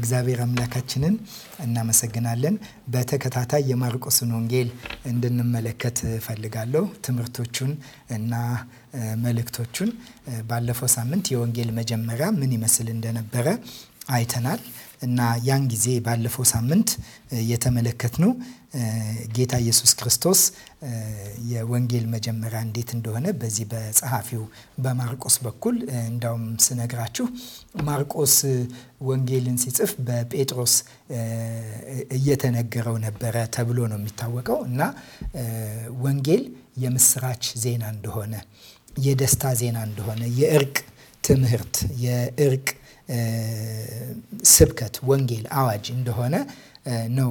እግዚአብሔር አምላካችንን እናመሰግናለን። በተከታታይ የማርቆስን ወንጌል እንድንመለከት ፈልጋለሁ። ትምህርቶቹን እና መልእክቶቹን ባለፈው ሳምንት የወንጌል መጀመሪያ ምን ይመስል እንደነበረ አይተናል እና ያን ጊዜ ባለፈው ሳምንት የተመለከትነው ጌታ ኢየሱስ ክርስቶስ የወንጌል መጀመሪያ እንዴት እንደሆነ በዚህ በጸሐፊው በማርቆስ በኩል እንዳውም ስነግራችሁ ማርቆስ ወንጌልን ሲጽፍ በጴጥሮስ እየተነገረው ነበረ ተብሎ ነው የሚታወቀው እና ወንጌል የምስራች ዜና እንደሆነ፣ የደስታ ዜና እንደሆነ፣ የእርቅ ትምህርት የእርቅ ስብከት ወንጌል አዋጅ እንደሆነ ነው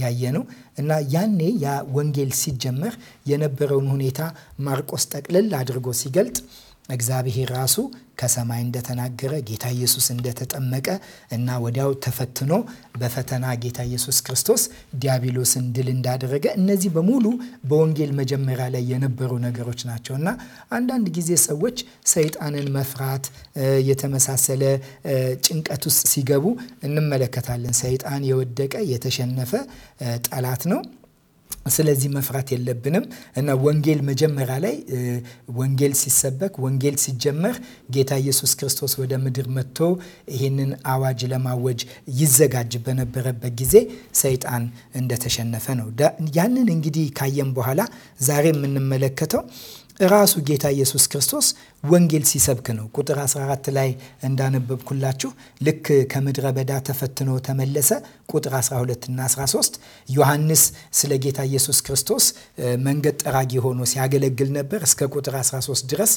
ያየነው እና ያኔ ያ ወንጌል ሲጀመር የነበረውን ሁኔታ ማርቆስ ጠቅልል አድርጎ ሲገልጥ እግዚአብሔር ራሱ ከሰማይ እንደተናገረ ጌታ ኢየሱስ እንደተጠመቀ እና ወዲያው ተፈትኖ በፈተና ጌታ ኢየሱስ ክርስቶስ ዲያብሎስን ድል እንዳደረገ እነዚህ በሙሉ በወንጌል መጀመሪያ ላይ የነበሩ ነገሮች ናቸው እና አንዳንድ ጊዜ ሰዎች ሰይጣንን መፍራት የተመሳሰለ ጭንቀት ውስጥ ሲገቡ እንመለከታለን። ሰይጣን የወደቀ የተሸነፈ ጠላት ነው። ስለዚህ መፍራት የለብንም እና ወንጌል መጀመሪያ ላይ ወንጌል ሲሰበክ ወንጌል ሲጀመር ጌታ ኢየሱስ ክርስቶስ ወደ ምድር መጥቶ ይህንን አዋጅ ለማወጅ ይዘጋጅ በነበረበት ጊዜ ሰይጣን እንደተሸነፈ ነው። ያንን እንግዲህ ካየም በኋላ ዛሬ የምንመለከተው ራሱ ጌታ ኢየሱስ ክርስቶስ ወንጌል ሲሰብክ ነው። ቁጥር 14 ላይ እንዳነበብኩላችሁ ልክ ከምድረ በዳ ተፈትኖ ተመለሰ። ቁጥር 12 እና 13 ዮሐንስ ስለ ጌታ ኢየሱስ ክርስቶስ መንገድ ጠራጊ ሆኖ ሲያገለግል ነበር እስከ ቁጥር 13 ድረስ።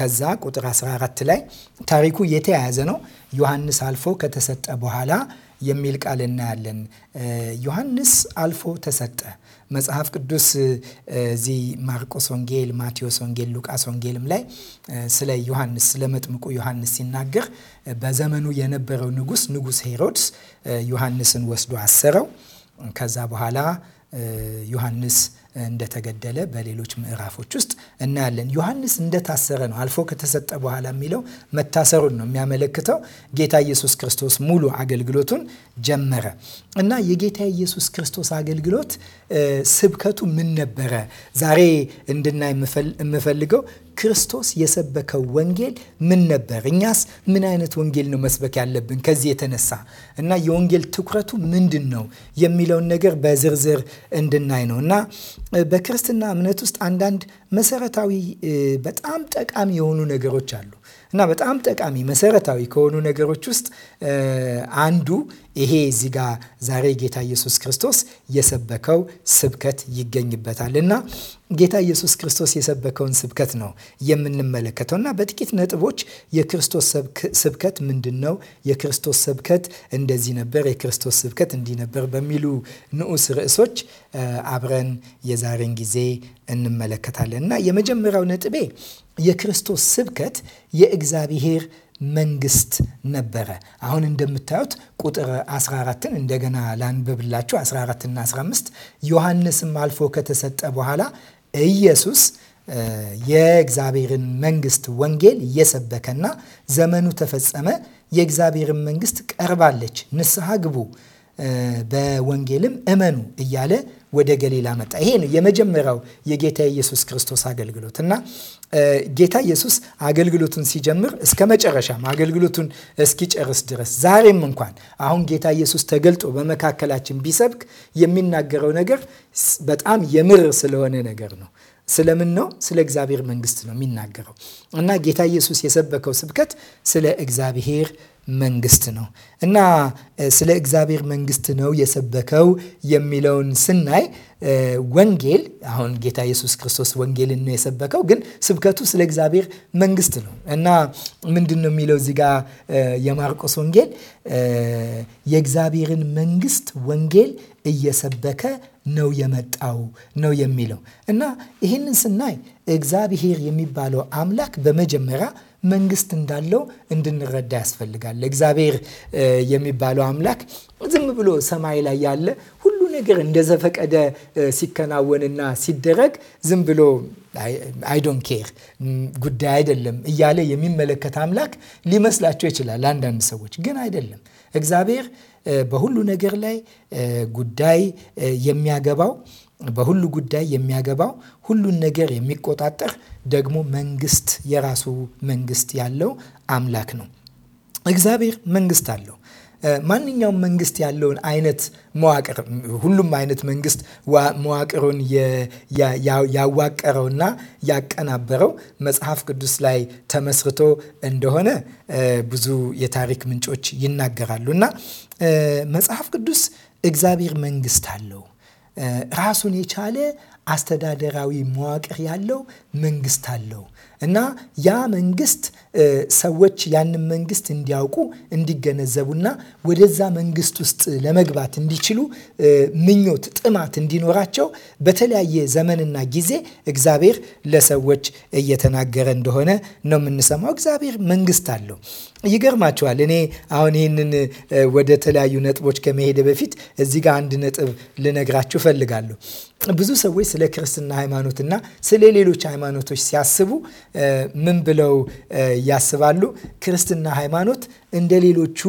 ከዛ ቁጥር 14 ላይ ታሪኩ የተያያዘ ነው። ዮሐንስ አልፎ ከተሰጠ በኋላ የሚል ቃል እናያለን። ዮሐንስ አልፎ ተሰጠ። መጽሐፍ ቅዱስ እዚህ ማርቆስ ወንጌል፣ ማቴዎስ ወንጌል፣ ሉቃስ ወንጌልም ላይ ስለ ዮሐንስ ስለ መጥምቁ ዮሐንስ ሲናገር በዘመኑ የነበረው ንጉስ ንጉስ ሄሮድስ ዮሐንስን ወስዶ አሰረው። ከዛ በኋላ ዮሐንስ እንደተገደለ በሌሎች ምዕራፎች ውስጥ እናያለን። ዮሐንስ እንደታሰረ ነው አልፎ ከተሰጠ በኋላ የሚለው መታሰሩን ነው የሚያመለክተው። ጌታ ኢየሱስ ክርስቶስ ሙሉ አገልግሎቱን ጀመረ እና የጌታ ኢየሱስ ክርስቶስ አገልግሎት ስብከቱ ምን ነበረ? ዛሬ እንድናይ የምፈልገው ክርስቶስ የሰበከው ወንጌል ምን ነበር? እኛስ ምን አይነት ወንጌል ነው መስበክ ያለብን? ከዚህ የተነሳ እና የወንጌል ትኩረቱ ምንድን ነው የሚለውን ነገር በዝርዝር እንድናይ ነው እና በክርስትና እምነት ውስጥ አንዳንድ መሰረታዊ በጣም ጠቃሚ የሆኑ ነገሮች አሉ። እና በጣም ጠቃሚ መሰረታዊ ከሆኑ ነገሮች ውስጥ አንዱ ይሄ እዚህ ጋ ዛሬ ጌታ ኢየሱስ ክርስቶስ የሰበከው ስብከት ይገኝበታል እና ጌታ ኢየሱስ ክርስቶስ የሰበከውን ስብከት ነው የምንመለከተው እና በጥቂት ነጥቦች የክርስቶስ ስብከት ምንድን ነው፣ የክርስቶስ ስብከት እንደዚህ ነበር፣ የክርስቶስ ስብከት እንዲህ ነበር በሚሉ ንዑስ ርዕሶች አብረን የዛሬን ጊዜ እንመለከታለን እና የመጀመሪያው ነጥቤ የክርስቶስ ስብከት የእግዚአብሔር መንግስት ነበረ። አሁን እንደምታዩት ቁጥር 14ን እንደገና ላንብብላችሁ 14ና 15 ዮሐንስም አልፎ ከተሰጠ በኋላ ኢየሱስ የእግዚአብሔርን መንግስት ወንጌል እየሰበከና ዘመኑ ተፈጸመ፣ የእግዚአብሔርን መንግስት ቀርባለች፣ ንስሐ ግቡ፣ በወንጌልም እመኑ እያለ ወደ ገሊላ መጣ። ይሄ ነው የመጀመሪያው የጌታ ኢየሱስ ክርስቶስ አገልግሎት እና ጌታ ኢየሱስ አገልግሎቱን ሲጀምር እስከ መጨረሻም አገልግሎቱን እስኪጨርስ ድረስ ዛሬም እንኳን አሁን ጌታ ኢየሱስ ተገልጦ በመካከላችን ቢሰብክ የሚናገረው ነገር በጣም የምር ስለሆነ ነገር ነው። ስለምን ነው? ስለ እግዚአብሔር መንግስት ነው የሚናገረው እና ጌታ ኢየሱስ የሰበከው ስብከት ስለ እግዚአብሔር መንግስት ነው እና ስለ እግዚአብሔር መንግስት ነው የሰበከው የሚለውን ስናይ ወንጌል አሁን ጌታ ኢየሱስ ክርስቶስ ወንጌልን ነው የሰበከው፣ ግን ስብከቱ ስለ እግዚአብሔር መንግስት ነው እና ምንድን ነው የሚለው እዚህ ጋር የማርቆስ ወንጌል የእግዚአብሔርን መንግስት ወንጌል እየሰበከ ነው የመጣው ነው የሚለው እና ይህንን ስናይ እግዚአብሔር የሚባለው አምላክ በመጀመሪያ መንግስት እንዳለው እንድንረዳ ያስፈልጋል። እግዚአብሔር የሚባለው አምላክ ዝም ብሎ ሰማይ ላይ ያለ ሁሉ ነገር እንደዘፈቀደ ሲከናወንና ሲደረግ ዝም ብሎ አይዶን ኬር ጉዳይ አይደለም እያለ የሚመለከት አምላክ ሊመስላቸው ይችላል አንዳንድ ሰዎች፣ ግን አይደለም እግዚአብሔር በሁሉ ነገር ላይ ጉዳይ የሚያገባው በሁሉ ጉዳይ የሚያገባው ሁሉን ነገር የሚቆጣጠር ደግሞ መንግስት የራሱ መንግስት ያለው አምላክ ነው። እግዚአብሔር መንግስት አለው። ማንኛውም መንግስት ያለውን አይነት መዋቅር ሁሉም አይነት መንግስት መዋቅሩን ያዋቀረውና ያቀናበረው መጽሐፍ ቅዱስ ላይ ተመስርቶ እንደሆነ ብዙ የታሪክ ምንጮች ይናገራሉ እና መጽሐፍ ቅዱስ እግዚአብሔር መንግስት አለው ራሱን የቻለ አስተዳደራዊ መዋቅር ያለው መንግስት አለው እና ያ መንግስት ሰዎች ያንን መንግስት እንዲያውቁ እንዲገነዘቡና ወደዛ መንግስት ውስጥ ለመግባት እንዲችሉ ምኞት፣ ጥማት እንዲኖራቸው በተለያየ ዘመንና ጊዜ እግዚአብሔር ለሰዎች እየተናገረ እንደሆነ ነው የምንሰማው። እግዚአብሔር መንግስት አለው። ይገርማቸዋል። እኔ አሁን ይህንን ወደ ተለያዩ ነጥቦች ከመሄደ በፊት እዚህ ጋር አንድ ነጥብ ልነግራችሁ እፈልጋለሁ። ብዙ ሰዎች ስለ ክርስትና ሃይማኖትና ስለ ሌሎች ሃይማኖቶች ሲያስቡ ምን ብለው ያስባሉ? ክርስትና ሃይማኖት እንደ ሌሎቹ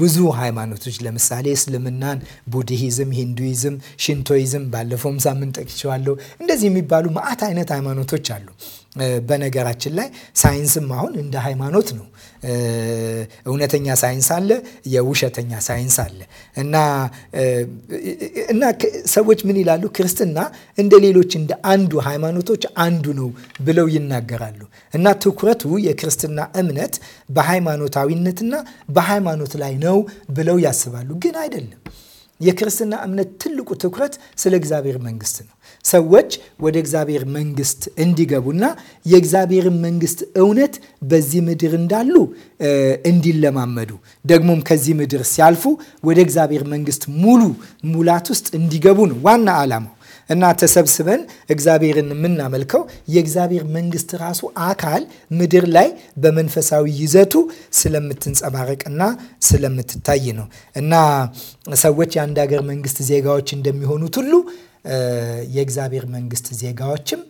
ብዙ ሃይማኖቶች ለምሳሌ እስልምናን፣ ቡድሂዝም፣ ሂንዱይዝም፣ ሽንቶይዝም ባለፈውም ሳምንት ጠቅሼዋለሁ። እንደዚህ የሚባሉ ማአት አይነት ሃይማኖቶች አሉ። በነገራችን ላይ ሳይንስም አሁን እንደ ሃይማኖት ነው። እውነተኛ ሳይንስ አለ፣ የውሸተኛ ሳይንስ አለ እና እና ሰዎች ምን ይላሉ? ክርስትና እንደ ሌሎች እንደ አንዱ ሃይማኖቶች አንዱ ነው ብለው ይናገራሉ። እና ትኩረቱ የክርስትና እምነት በሃይማኖታዊነትና በሃይማኖት ላይ ነው ብለው ያስባሉ። ግን አይደለም። የክርስትና እምነት ትልቁ ትኩረት ስለ እግዚአብሔር መንግስት ነው። ሰዎች ወደ እግዚአብሔር መንግስት እንዲገቡና የእግዚአብሔርን መንግስት እውነት በዚህ ምድር እንዳሉ እንዲለማመዱ ደግሞም ከዚህ ምድር ሲያልፉ ወደ እግዚአብሔር መንግስት ሙሉ ሙላት ውስጥ እንዲገቡ ነው ዋና ዓላማው። እና ተሰብስበን እግዚአብሔርን የምናመልከው የእግዚአብሔር መንግስት ራሱ አካል ምድር ላይ በመንፈሳዊ ይዘቱ ስለምትንጸባረቅና ስለምትታይ ነው። እና ሰዎች የአንድ ሀገር መንግስት ዜጋዎች እንደሚሆኑት ሁሉ የእግዚአብሔር መንግስት ዜጋዎችም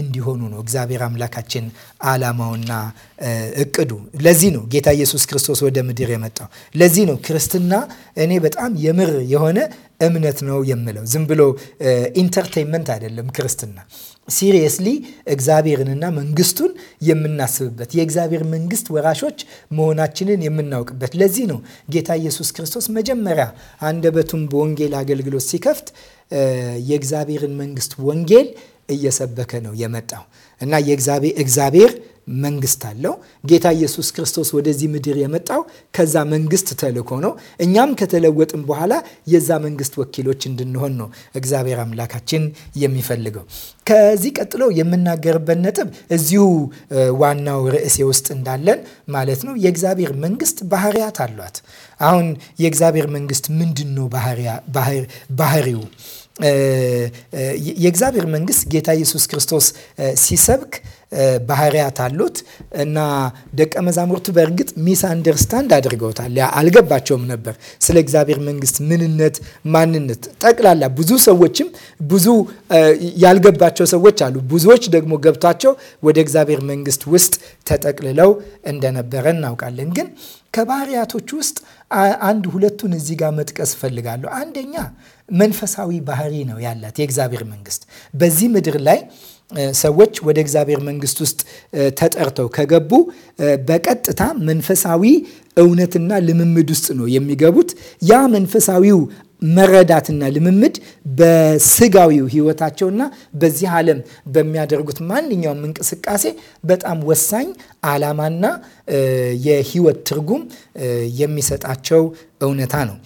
እንዲሆኑ ነው እግዚአብሔር አምላካችን አላማውና እቅዱ። ለዚህ ነው ጌታ ኢየሱስ ክርስቶስ ወደ ምድር የመጣው። ለዚህ ነው ክርስትና እኔ በጣም የምር የሆነ እምነት ነው የምለው። ዝም ብሎ ኢንተርቴንመንት አይደለም ክርስትና ሲሪየስሊ እግዚአብሔርንና መንግስቱን የምናስብበት የእግዚአብሔር መንግስት ወራሾች መሆናችንን የምናውቅበት። ለዚህ ነው ጌታ ኢየሱስ ክርስቶስ መጀመሪያ አንደበቱን በወንጌል አገልግሎት ሲከፍት የእግዚአብሔርን መንግስት ወንጌል እየሰበከ ነው የመጣው እና እግዚአብሔር መንግስት አለው። ጌታ ኢየሱስ ክርስቶስ ወደዚህ ምድር የመጣው ከዛ መንግስት ተልኮ ነው። እኛም ከተለወጥን በኋላ የዛ መንግስት ወኪሎች እንድንሆን ነው እግዚአብሔር አምላካችን የሚፈልገው። ከዚህ ቀጥሎ የምናገርበት ነጥብ እዚሁ ዋናው ርዕሴ ውስጥ እንዳለን ማለት ነው የእግዚአብሔር መንግስት ባህሪያት አሏት። አሁን የእግዚአብሔር መንግስት ምንድን ነው ባህሪው? የእግዚአብሔር መንግስት ጌታ ኢየሱስ ክርስቶስ ሲሰብክ ባህሪያት አሉት እና ደቀ መዛሙርቱ በእርግጥ ሚስ አንደርስታንድ አድርገውታል። አልገባቸውም ነበር ስለ እግዚአብሔር መንግስት ምንነት፣ ማንነት ጠቅላላ። ብዙ ሰዎችም ብዙ ያልገባቸው ሰዎች አሉ። ብዙዎች ደግሞ ገብቷቸው ወደ እግዚአብሔር መንግስት ውስጥ ተጠቅልለው እንደነበረ እናውቃለን። ግን ከባህሪያቶች ውስጥ አንድ ሁለቱን እዚህ ጋር መጥቀስ እፈልጋለሁ። አንደኛ መንፈሳዊ ባህሪ ነው ያላት የእግዚአብሔር መንግስት። በዚህ ምድር ላይ ሰዎች ወደ እግዚአብሔር መንግስት ውስጥ ተጠርተው ከገቡ በቀጥታ መንፈሳዊ እውነትና ልምምድ ውስጥ ነው የሚገቡት። ያ መንፈሳዊው መረዳትና ልምምድ በስጋዊው ህይወታቸውና በዚህ ዓለም በሚያደርጉት ማንኛውም እንቅስቃሴ በጣም ወሳኝ ዓላማና የህይወት ትርጉም የሚሰጣቸው እውነታ ነው።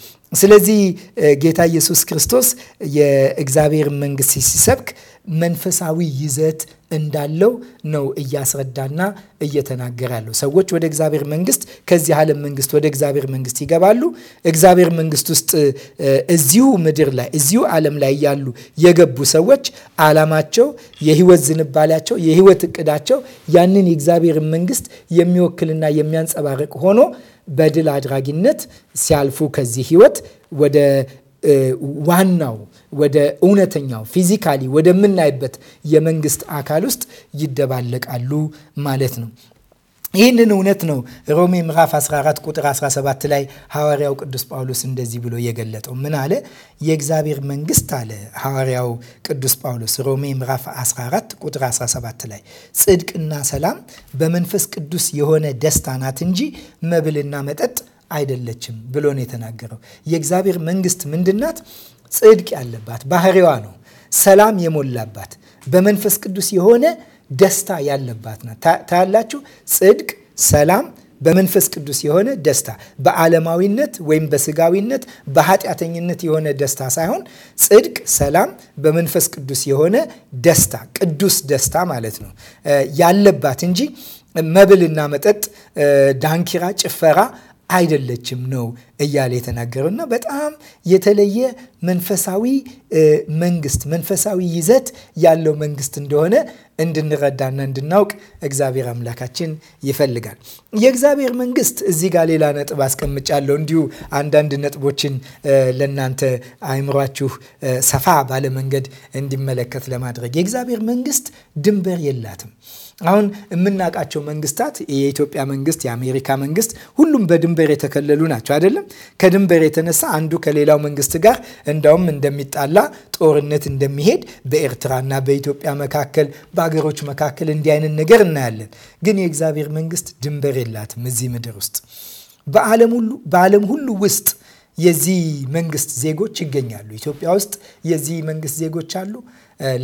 ስለዚህ ጌታ ኢየሱስ ክርስቶስ የእግዚአብሔር መንግስት ሲሰብክ መንፈሳዊ ይዘት እንዳለው ነው እያስረዳና እየተናገረ ያለው። ሰዎች ወደ እግዚአብሔር መንግስት ከዚህ ዓለም መንግስት ወደ እግዚአብሔር መንግስት ይገባሉ። እግዚአብሔር መንግስት ውስጥ እዚሁ ምድር ላይ እዚሁ ዓለም ላይ ያሉ የገቡ ሰዎች ዓላማቸው፣ የህይወት ዝንባሌያቸው፣ የህይወት እቅዳቸው ያንን የእግዚአብሔር መንግስት የሚወክልና የሚያንጸባርቅ ሆኖ በድል አድራጊነት ሲያልፉ ከዚህ ህይወት ወደ ዋናው ወደ እውነተኛው ፊዚካሊ ወደምናይበት የመንግስት አካል ውስጥ ይደባለቃሉ ማለት ነው። ይህንን እውነት ነው ሮሜ ምዕራፍ 14 ቁጥር 17 ላይ ሐዋርያው ቅዱስ ጳውሎስ እንደዚህ ብሎ የገለጠው። ምን አለ? የእግዚአብሔር መንግስት አለ ሐዋርያው ቅዱስ ጳውሎስ ሮሜ ምዕራፍ 14 ቁጥር 17 ላይ ጽድቅና ሰላም በመንፈስ ቅዱስ የሆነ ደስታ ናት እንጂ መብልና መጠጥ አይደለችም ብሎ ነው የተናገረው። የእግዚአብሔር መንግስት ምንድናት? ጽድቅ ያለባት ባህሪዋ ነው። ሰላም የሞላባት በመንፈስ ቅዱስ የሆነ ደስታ ያለባት ናት። ታያላችሁ፣ ጽድቅ፣ ሰላም በመንፈስ ቅዱስ የሆነ ደስታ በዓለማዊነት ወይም በስጋዊነት በኃጢአተኝነት የሆነ ደስታ ሳይሆን ጽድቅ፣ ሰላም በመንፈስ ቅዱስ የሆነ ደስታ ቅዱስ ደስታ ማለት ነው ያለባት እንጂ መብልና መጠጥ፣ ዳንኪራ፣ ጭፈራ አይደለችም ነው እያለ የተናገረው እና በጣም የተለየ መንፈሳዊ መንግስት፣ መንፈሳዊ ይዘት ያለው መንግስት እንደሆነ እንድንረዳና እንድናውቅ እግዚአብሔር አምላካችን ይፈልጋል። የእግዚአብሔር መንግስት እዚህ ጋር ሌላ ነጥብ አስቀምጫለሁ። እንዲሁ አንዳንድ ነጥቦችን ለእናንተ አይምሯችሁ ሰፋ ባለ መንገድ እንዲመለከት ለማድረግ የእግዚአብሔር መንግስት ድንበር የላትም። አሁን የምናውቃቸው መንግስታት የኢትዮጵያ መንግስት፣ የአሜሪካ መንግስት ሁሉም በድንበር የተከለሉ ናቸው አይደለም። ከድንበር የተነሳ አንዱ ከሌላው መንግስት ጋር እንደውም እንደሚጣላ ጦርነት እንደሚሄድ በኤርትራና በኢትዮጵያ መካከል በአገሮች መካከል እንዲህ አይነት ነገር እናያለን። ግን የእግዚአብሔር መንግስት ድንበር የላትም እዚህ ምድር ውስጥ በዓለም ሁሉ ውስጥ የዚህ መንግስት ዜጎች ይገኛሉ። ኢትዮጵያ ውስጥ የዚህ መንግስት ዜጎች አሉ።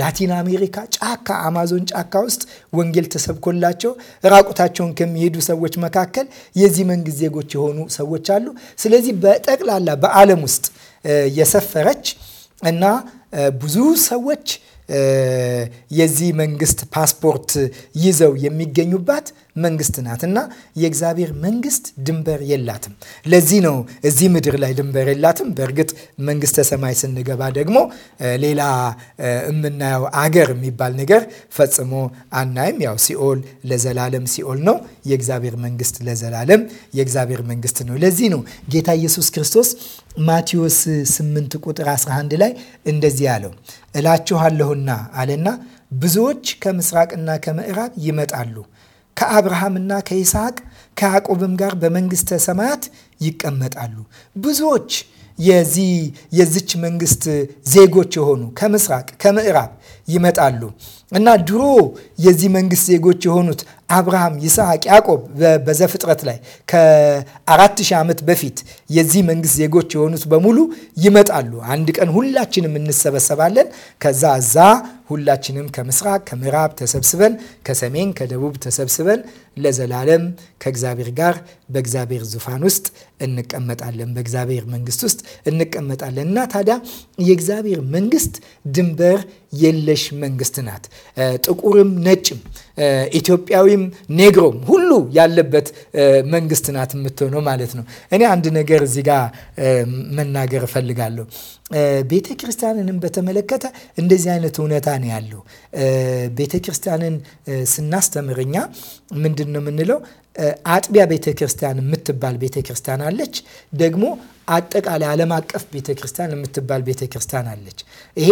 ላቲን አሜሪካ ጫካ፣ አማዞን ጫካ ውስጥ ወንጌል ተሰብኮላቸው ራቁታቸውን ከሚሄዱ ሰዎች መካከል የዚህ መንግስት ዜጎች የሆኑ ሰዎች አሉ። ስለዚህ በጠቅላላ በዓለም ውስጥ የሰፈረች እና ብዙ ሰዎች የዚህ መንግስት ፓስፖርት ይዘው የሚገኙባት መንግስት ናት እና የእግዚአብሔር መንግስት ድንበር የላትም። ለዚህ ነው እዚህ ምድር ላይ ድንበር የላትም። በእርግጥ መንግስተ ሰማይ ስንገባ ደግሞ ሌላ የምናየው አገር የሚባል ነገር ፈጽሞ አናይም። ያው ሲኦል ለዘላለም ሲኦል ነው። የእግዚአብሔር መንግስት ለዘላለም የእግዚአብሔር መንግስት ነው። ለዚህ ነው ጌታ ኢየሱስ ክርስቶስ ማቴዎስ 8 ቁጥር 11 ላይ እንደዚህ ያለው እላችኋለሁና አለና ብዙዎች ከምስራቅና ከምዕራብ ይመጣሉ ከአብርሃምና ከይስሐቅ ከያዕቆብም ጋር በመንግስተ ሰማያት ይቀመጣሉ። ብዙዎች የዚህ የዚች መንግስት ዜጎች የሆኑ ከምስራቅ ከምዕራብ ይመጣሉ እና ድሮ የዚህ መንግስት ዜጎች የሆኑት አብርሃም፣ ይስሐቅ፣ ያዕቆብ በዘፍጥረት ላይ ከአራት ሺህ ዓመት በፊት የዚህ መንግስት ዜጎች የሆኑት በሙሉ ይመጣሉ። አንድ ቀን ሁላችንም እንሰበሰባለን። ከዛ እዛ ሁላችንም ከምስራቅ ከምዕራብ ተሰብስበን ከሰሜን ከደቡብ ተሰብስበን ለዘላለም ከእግዚአብሔር ጋር በእግዚአብሔር ዙፋን ውስጥ እንቀመጣለን፣ በእግዚአብሔር መንግስት ውስጥ እንቀመጣለን እና ታዲያ የእግዚአብሔር መንግስት ድንበር የለሽ መንግስት ናት። ጥቁርም ነጭም ኢትዮጵያዊም ሂንዱም ኔግሮም ሁሉ ያለበት መንግስት ናት የምትሆነው ማለት ነው። እኔ አንድ ነገር እዚህ ጋር መናገር እፈልጋለሁ። ቤተ ክርስቲያንንም በተመለከተ እንደዚህ አይነት እውነታ ነው ያለው። ቤተ ክርስቲያንን ስናስተምርኛ ምንድን ነው የምንለው? አጥቢያ ቤተ ክርስቲያን የምትባል ቤተ ክርስቲያን አለች። ደግሞ አጠቃላይ ዓለም አቀፍ ቤተ ክርስቲያን የምትባል ቤተ ክርስቲያን አለች። ይሄ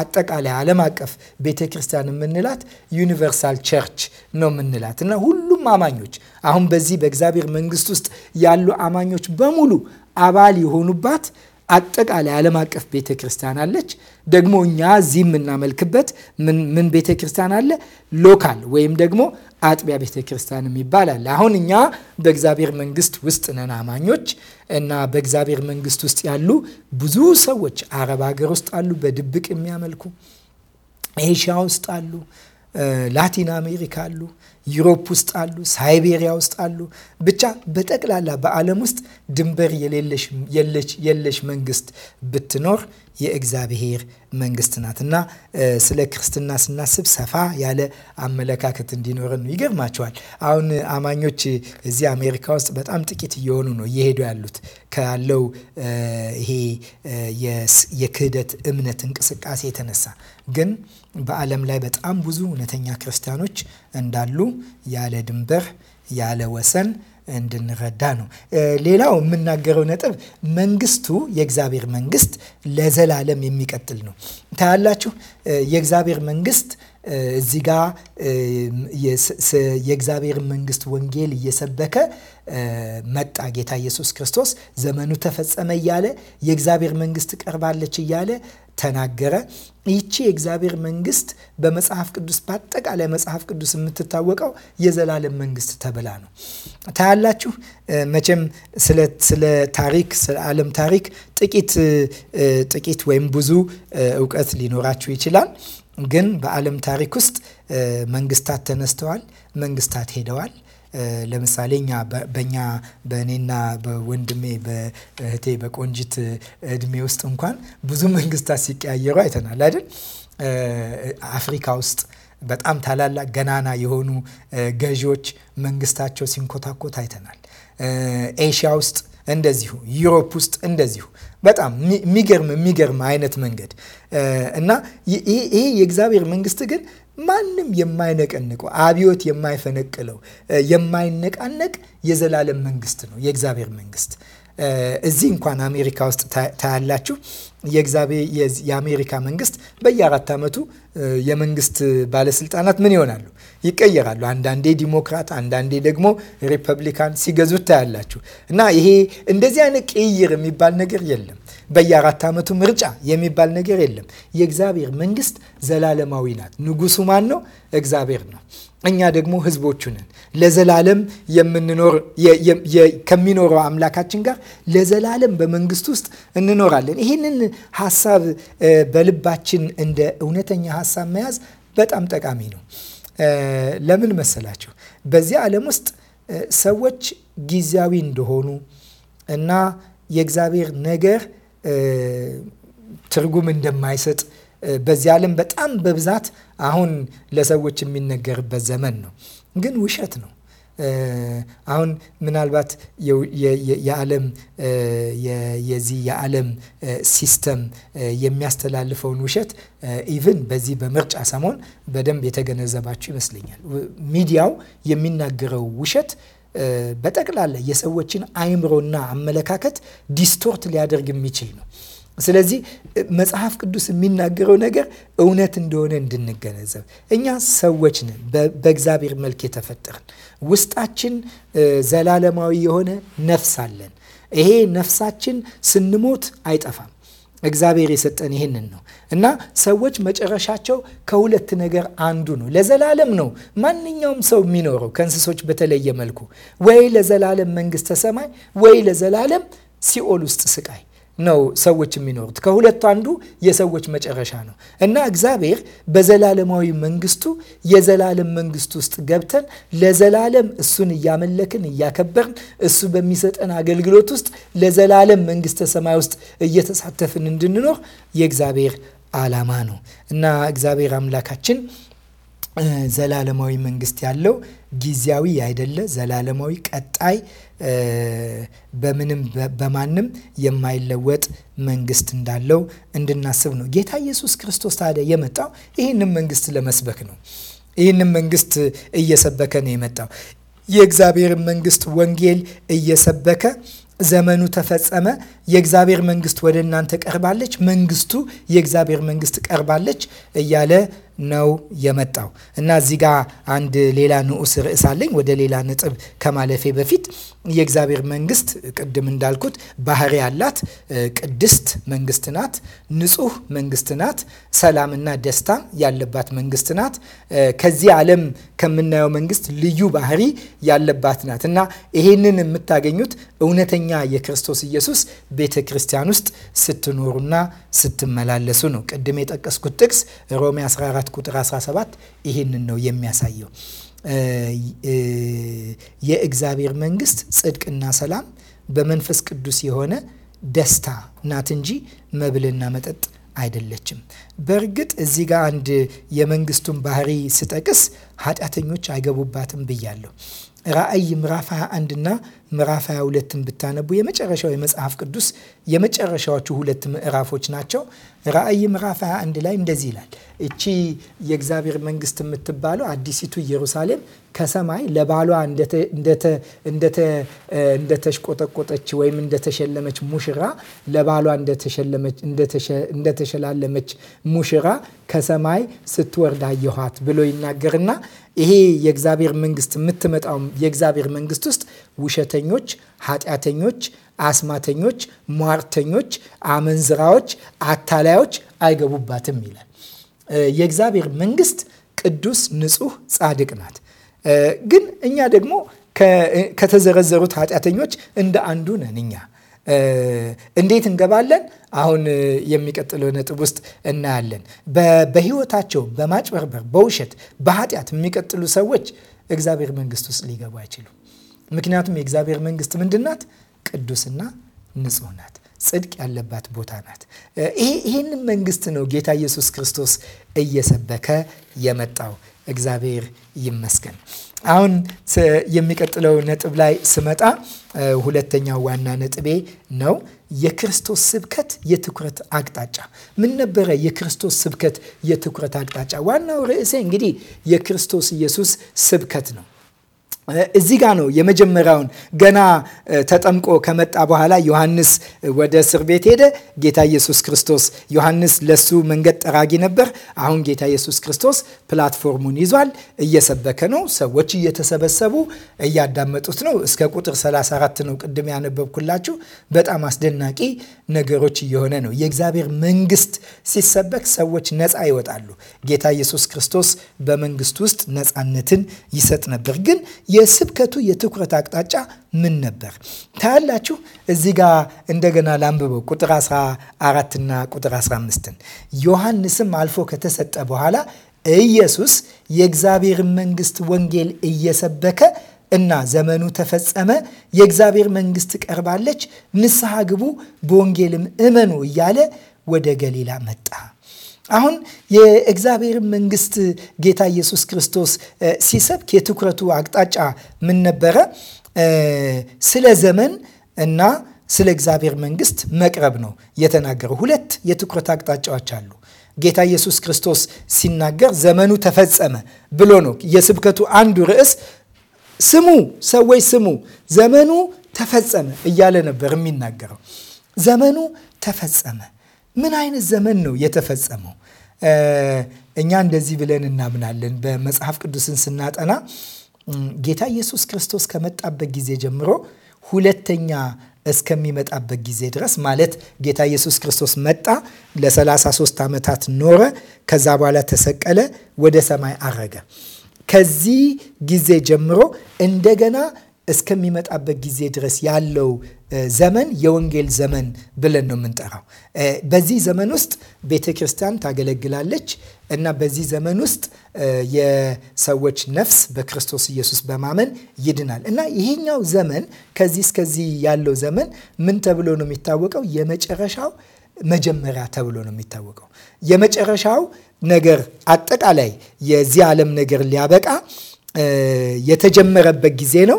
አጠቃላይ ዓለም አቀፍ ቤተ ክርስቲያን የምንላት ዩኒቨርሳል ቸርች ነው የምንላት እና ሁሉም አማኞች አሁን በዚህ በእግዚአብሔር መንግስት ውስጥ ያሉ አማኞች በሙሉ አባል የሆኑባት አጠቃላይ ዓለም አቀፍ ቤተ ክርስቲያን አለች። ደግሞ እኛ እዚህ የምናመልክበት ምን ቤተ ክርስቲያን አለ? ሎካል ወይም ደግሞ አጥቢያ ቤተ ክርስቲያን የሚባል አለ። አሁን እኛ በእግዚአብሔር መንግስት ውስጥ ነን አማኞች እና በእግዚአብሔር መንግስት ውስጥ ያሉ ብዙ ሰዎች አረብ ሀገር ውስጥ አሉ፣ በድብቅ የሚያመልኩ ኤሽያ ውስጥ አሉ፣ ላቲን አሜሪካ አሉ ዩሮፕ ውስጥ አሉ፣ ሳይቤሪያ ውስጥ አሉ። ብቻ በጠቅላላ በዓለም ውስጥ ድንበር የሌለሽ መንግስት ብትኖር የእግዚአብሔር መንግስት ናትና ስለ ክርስትና ስናስብ ሰፋ ያለ አመለካከት እንዲኖረን ነው። ይገርማቸዋል። አሁን አማኞች እዚህ አሜሪካ ውስጥ በጣም ጥቂት እየሆኑ ነው እየሄዱ ያሉት ካለው ይሄ የክህደት እምነት እንቅስቃሴ የተነሳ ግን በዓለም ላይ በጣም ብዙ እውነተኛ ክርስቲያኖች እንዳሉ ያለ ድንበር ያለ ወሰን እንድንረዳ ነው። ሌላው የምናገረው ነጥብ መንግስቱ፣ የእግዚአብሔር መንግስት ለዘላለም የሚቀጥል ነው። ታያላችሁ የእግዚአብሔር መንግስት እዚህ ጋ የእግዚአብሔር መንግስት ወንጌል እየሰበከ መጣ ጌታ ኢየሱስ ክርስቶስ ዘመኑ ተፈጸመ እያለ የእግዚአብሔር መንግስት ቀርባለች እያለ ተናገረ። ይቺ የእግዚአብሔር መንግስት በመጽሐፍ ቅዱስ በአጠቃላይ መጽሐፍ ቅዱስ የምትታወቀው የዘላለም መንግስት ተብላ ነው። ታያላችሁ። መቼም ስለ ታሪክ ስለ ዓለም ታሪክ ጥቂት ጥቂት ወይም ብዙ እውቀት ሊኖራችሁ ይችላል። ግን በዓለም ታሪክ ውስጥ መንግስታት ተነስተዋል፣ መንግስታት ሄደዋል። ለምሳሌ እኛ በእኛ በእኔና በወንድሜ በእህቴ በቆንጂት እድሜ ውስጥ እንኳን ብዙ መንግስታት ሲቀያየሩ አይተናል አይደል? አፍሪካ ውስጥ በጣም ታላላቅ ገናና የሆኑ ገዢዎች መንግስታቸው ሲንኮታኮት አይተናል። ኤሽያ ውስጥ እንደዚሁ ዩሮፕ ውስጥ እንደዚሁ በጣም የሚገርም የሚገርም አይነት መንገድ እና ይሄ የእግዚአብሔር መንግስት ግን ማንም የማይነቀንቀው አብዮት የማይፈነቅለው የማይነቃነቅ የዘላለም መንግስት ነው የእግዚአብሔር መንግስት እዚህ እንኳን አሜሪካ ውስጥ ታያላችሁ። የእግዚአብሔር የአሜሪካ መንግስት በየአራት ዓመቱ የመንግስት ባለስልጣናት ምን ይሆናሉ? ይቀየራሉ። አንዳንዴ ዲሞክራት፣ አንዳንዴ ደግሞ ሪፐብሊካን ሲገዙት ታያላችሁ። እና ይሄ እንደዚህ አይነት ቅይር የሚባል ነገር የለም። በየአራት ዓመቱ ምርጫ የሚባል ነገር የለም። የእግዚአብሔር መንግስት ዘላለማዊ ናት። ንጉሱ ማን ነው? እግዚአብሔር ነው። እኛ ደግሞ ህዝቦቹ ነን። ለዘላለም የምንኖር ከሚኖረው አምላካችን ጋር ለዘላለም በመንግስት ውስጥ እንኖራለን። ይህንን ሀሳብ በልባችን እንደ እውነተኛ ሀሳብ መያዝ በጣም ጠቃሚ ነው። ለምን መሰላችሁ? በዚህ ዓለም ውስጥ ሰዎች ጊዜያዊ እንደሆኑ እና የእግዚአብሔር ነገር ትርጉም እንደማይሰጥ በዚህ ዓለም በጣም በብዛት አሁን ለሰዎች የሚነገርበት ዘመን ነው። ግን ውሸት ነው። አሁን ምናልባት የዓለም የዚህ የዓለም ሲስተም የሚያስተላልፈውን ውሸት ኢቭን በዚህ በምርጫ ሰሞን በደንብ የተገነዘባችሁ ይመስለኛል። ሚዲያው የሚናገረው ውሸት በጠቅላላ የሰዎችን አእምሮና አመለካከት ዲስቶርት ሊያደርግ የሚችል ነው። ስለዚህ መጽሐፍ ቅዱስ የሚናገረው ነገር እውነት እንደሆነ እንድንገነዘብ እኛ ሰዎች ነን፣ በእግዚአብሔር መልክ የተፈጠርን። ውስጣችን ዘላለማዊ የሆነ ነፍስ አለን። ይሄ ነፍሳችን ስንሞት አይጠፋም። እግዚአብሔር የሰጠን ይህንን ነው እና ሰዎች መጨረሻቸው ከሁለት ነገር አንዱ ነው። ለዘላለም ነው ማንኛውም ሰው የሚኖረው ከእንስሶች በተለየ መልኩ ወይ ለዘላለም መንግስተ ሰማይ ወይ ለዘላለም ሲኦል ውስጥ ስቃይ ነው ሰዎች የሚኖሩት። ከሁለቱ አንዱ የሰዎች መጨረሻ ነው እና እግዚአብሔር በዘላለማዊ መንግስቱ የዘላለም መንግስት ውስጥ ገብተን ለዘላለም እሱን እያመለክን እያከበርን እሱ በሚሰጠን አገልግሎት ውስጥ ለዘላለም መንግስተ ሰማይ ውስጥ እየተሳተፍን እንድንኖር የእግዚአብሔር ዓላማ ነው እና እግዚአብሔር አምላካችን ዘላለማዊ መንግስት ያለው ጊዜያዊ ያይደለ ዘላለማዊ ቀጣይ በምንም በማንም የማይለወጥ መንግስት እንዳለው እንድናስብ ነው። ጌታ ኢየሱስ ክርስቶስ ታዲያ የመጣው ይህንን መንግስት ለመስበክ ነው። ይህንም መንግስት እየሰበከ ነው የመጣው። የእግዚአብሔር መንግስት ወንጌል እየሰበከ ዘመኑ ተፈጸመ፣ የእግዚአብሔር መንግስት ወደ እናንተ ቀርባለች፣ መንግስቱ የእግዚአብሔር መንግስት ቀርባለች እያለ ነው የመጣው እና እዚህ ጋር አንድ ሌላ ንዑስ ርዕስ አለኝ። ወደ ሌላ ነጥብ ከማለፌ በፊት የእግዚአብሔር መንግስት ቅድም እንዳልኩት ባህሪ ያላት ቅድስት መንግስት ናት፣ ንጹህ መንግስት ናት፣ ሰላምና ደስታ ያለባት መንግስት ናት። ከዚህ ዓለም ከምናየው መንግስት ልዩ ባህሪ ያለባት ናት እና ይሄንን የምታገኙት እውነተኛ የክርስቶስ ኢየሱስ ቤተ ክርስቲያን ውስጥ ስትኖሩና ስትመላለሱ ነው። ቅድም የጠቀስኩት ጥቅስ ሮሜ 14 ምዕራፍ ቁጥር 17 ይህንን ነው የሚያሳየው። የእግዚአብሔር መንግስት ጽድቅና ሰላም በመንፈስ ቅዱስ የሆነ ደስታ ናት እንጂ መብልና መጠጥ አይደለችም። በእርግጥ እዚህ ጋር አንድ የመንግስቱን ባህሪ ስጠቅስ ኃጢአተኞች አይገቡባትም ብያለሁ። ራእይ ምዕራፍ 21 ና ምዕራፍ 22ን ብታነቡ የመጨረሻው የመጽሐፍ ቅዱስ የመጨረሻዎቹ ሁለት ምዕራፎች ናቸው። ራእይ ምዕራፍ 21 ላይ እንደዚህ ይላል። እቺ የእግዚአብሔር መንግስት የምትባለው አዲሲቱ ኢየሩሳሌም ከሰማይ ለባሏ እንደተሽቆጠቆጠች ወይም እንደተሸለመች ሙሽራ ለባሏ እንደተሸላለመች ሙሽራ ከሰማይ ስትወርድ አየኋት ብሎ ይናገርና ይሄ የእግዚአብሔር መንግስት የምትመጣው የእግዚአብሔር መንግስት ውስጥ ውሸተኞች፣ ኃጢአተኞች፣ አስማተኞች፣ ሟርተኞች፣ አመንዝራዎች፣ አታላዮች አይገቡባትም ይላል። የእግዚአብሔር መንግስት ቅዱስ፣ ንጹህ፣ ጻድቅ ናት። ግን እኛ ደግሞ ከተዘረዘሩት ኃጢአተኞች እንደ አንዱ ነን። እኛ እንዴት እንገባለን? አሁን የሚቀጥለው ነጥብ ውስጥ እናያለን። በህይወታቸው በማጭበርበር፣ በውሸት፣ በኃጢአት የሚቀጥሉ ሰዎች እግዚአብሔር መንግስት ውስጥ ሊገቡ አይችሉም። ምክንያቱም የእግዚአብሔር መንግስት ምንድናት? ቅዱስና ንጹህ ናት። ጽድቅ ያለባት ቦታ ናት። ይህንን መንግስት ነው ጌታ ኢየሱስ ክርስቶስ እየሰበከ የመጣው። እግዚአብሔር ይመስገን። አሁን የሚቀጥለው ነጥብ ላይ ስመጣ ሁለተኛው ዋና ነጥቤ ነው የክርስቶስ ስብከት የትኩረት አቅጣጫ። ምን ነበረ የክርስቶስ ስብከት የትኩረት አቅጣጫ? ዋናው ርዕሴ እንግዲህ የክርስቶስ ኢየሱስ ስብከት ነው። እዚህ ጋ ነው የመጀመሪያውን ገና ተጠምቆ ከመጣ በኋላ ዮሐንስ ወደ እስር ቤት ሄደ። ጌታ ኢየሱስ ክርስቶስ ዮሐንስ ለሱ መንገድ ጠራጊ ነበር። አሁን ጌታ ኢየሱስ ክርስቶስ ፕላትፎርሙን ይዟል፣ እየሰበከ ነው። ሰዎች እየተሰበሰቡ እያዳመጡት ነው። እስከ ቁጥር 34 ነው ቅድም ያነበብኩላችሁ። በጣም አስደናቂ ነገሮች እየሆነ ነው። የእግዚአብሔር መንግስት ሲሰበክ ሰዎች ነፃ ይወጣሉ። ጌታ ኢየሱስ ክርስቶስ በመንግስት ውስጥ ነፃነትን ይሰጥ ነበር ግን የስብከቱ የትኩረት አቅጣጫ ምን ነበር ታያላችሁ። እዚ ጋ እንደገና ላንብበው ቁጥር 14 ና ቁጥር 15ን ዮሐንስም አልፎ ከተሰጠ በኋላ ኢየሱስ የእግዚአብሔር መንግስት ወንጌል እየሰበከ እና ዘመኑ ተፈጸመ፣ የእግዚአብሔር መንግስት ቀርባለች፣ ንስሐ ግቡ፣ በወንጌልም እመኑ እያለ ወደ ገሊላ መጣ። አሁን የእግዚአብሔር መንግስት ጌታ ኢየሱስ ክርስቶስ ሲሰብክ የትኩረቱ አቅጣጫ ምን ነበረ? ስለ ዘመን እና ስለ እግዚአብሔር መንግስት መቅረብ ነው የተናገረው። ሁለት የትኩረት አቅጣጫዎች አሉ። ጌታ ኢየሱስ ክርስቶስ ሲናገር ዘመኑ ተፈጸመ ብሎ ነው የስብከቱ አንዱ ርዕስ። ስሙ ሰዎች ስሙ፣ ዘመኑ ተፈጸመ እያለ ነበር የሚናገረው። ዘመኑ ተፈጸመ ምን አይነት ዘመን ነው የተፈጸመው? እኛ እንደዚህ ብለን እናምናለን። በመጽሐፍ ቅዱስን ስናጠና ጌታ ኢየሱስ ክርስቶስ ከመጣበት ጊዜ ጀምሮ ሁለተኛ እስከሚመጣበት ጊዜ ድረስ ማለት ጌታ ኢየሱስ ክርስቶስ መጣ፣ ለ33 ዓመታት ኖረ፣ ከዛ በኋላ ተሰቀለ፣ ወደ ሰማይ አረገ። ከዚህ ጊዜ ጀምሮ እንደገና እስከሚመጣበት ጊዜ ድረስ ያለው ዘመን የወንጌል ዘመን ብለን ነው የምንጠራው። በዚህ ዘመን ውስጥ ቤተ ክርስቲያን ታገለግላለች እና በዚህ ዘመን ውስጥ የሰዎች ነፍስ በክርስቶስ ኢየሱስ በማመን ይድናል እና ይሄኛው ዘመን ከዚህ እስከዚህ ያለው ዘመን ምን ተብሎ ነው የሚታወቀው? የመጨረሻው መጀመሪያ ተብሎ ነው የሚታወቀው። የመጨረሻው ነገር አጠቃላይ የዚህ ዓለም ነገር ሊያበቃ የተጀመረበት ጊዜ ነው።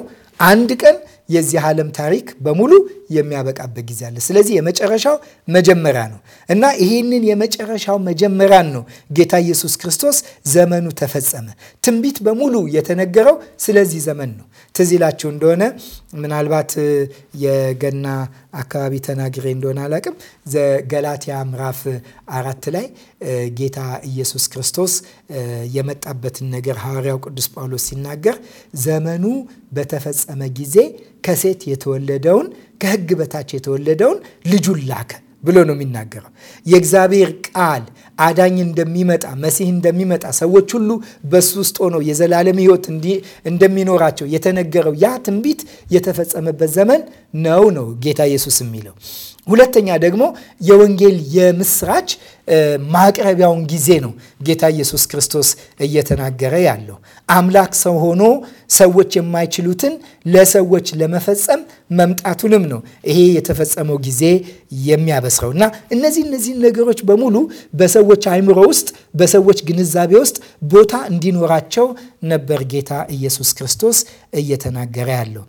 አንድ ቀን የዚህ ዓለም ታሪክ በሙሉ የሚያበቃበት ጊዜ አለ። ስለዚህ የመጨረሻው መጀመሪያ ነው እና ይህንን የመጨረሻው መጀመሪያን ነው ጌታ ኢየሱስ ክርስቶስ ዘመኑ ተፈጸመ። ትንቢት በሙሉ የተነገረው ስለዚህ ዘመን ነው። ትዝ ይላችሁ እንደሆነ ምናልባት የገና አካባቢ ተናግሬ እንደሆነ አላቅም። ዘገላትያ ምዕራፍ አራት ላይ ጌታ ኢየሱስ ክርስቶስ የመጣበትን ነገር ሐዋርያው ቅዱስ ጳውሎስ ሲናገር ዘመኑ በተፈጸመ ጊዜ ከሴት የተወለደውን ከሕግ በታች የተወለደውን ልጁን ላከ ብሎ ነው የሚናገረው። የእግዚአብሔር ቃል አዳኝ እንደሚመጣ መሲህ እንደሚመጣ ሰዎች ሁሉ በሱ ውስጥ ሆነው የዘላለም ሕይወት እንደሚኖራቸው የተነገረው ያ ትንቢት የተፈጸመበት ዘመን ነው ነው ጌታ ኢየሱስ የሚለው። ሁለተኛ ደግሞ የወንጌል የምስራች ማቅረቢያውን ጊዜ ነው ጌታ ኢየሱስ ክርስቶስ እየተናገረ ያለው። አምላክ ሰው ሆኖ ሰዎች የማይችሉትን ለሰዎች ለመፈጸም መምጣቱንም ነው ይሄ የተፈጸመው ጊዜ የሚያበስረው እና እነዚህ እነዚህ ነገሮች በሙሉ በሰዎች አይምሮ ውስጥ በሰዎች ግንዛቤ ውስጥ ቦታ እንዲኖራቸው ነበር ጌታ ኢየሱስ ክርስቶስ እየተናገረ ያለው።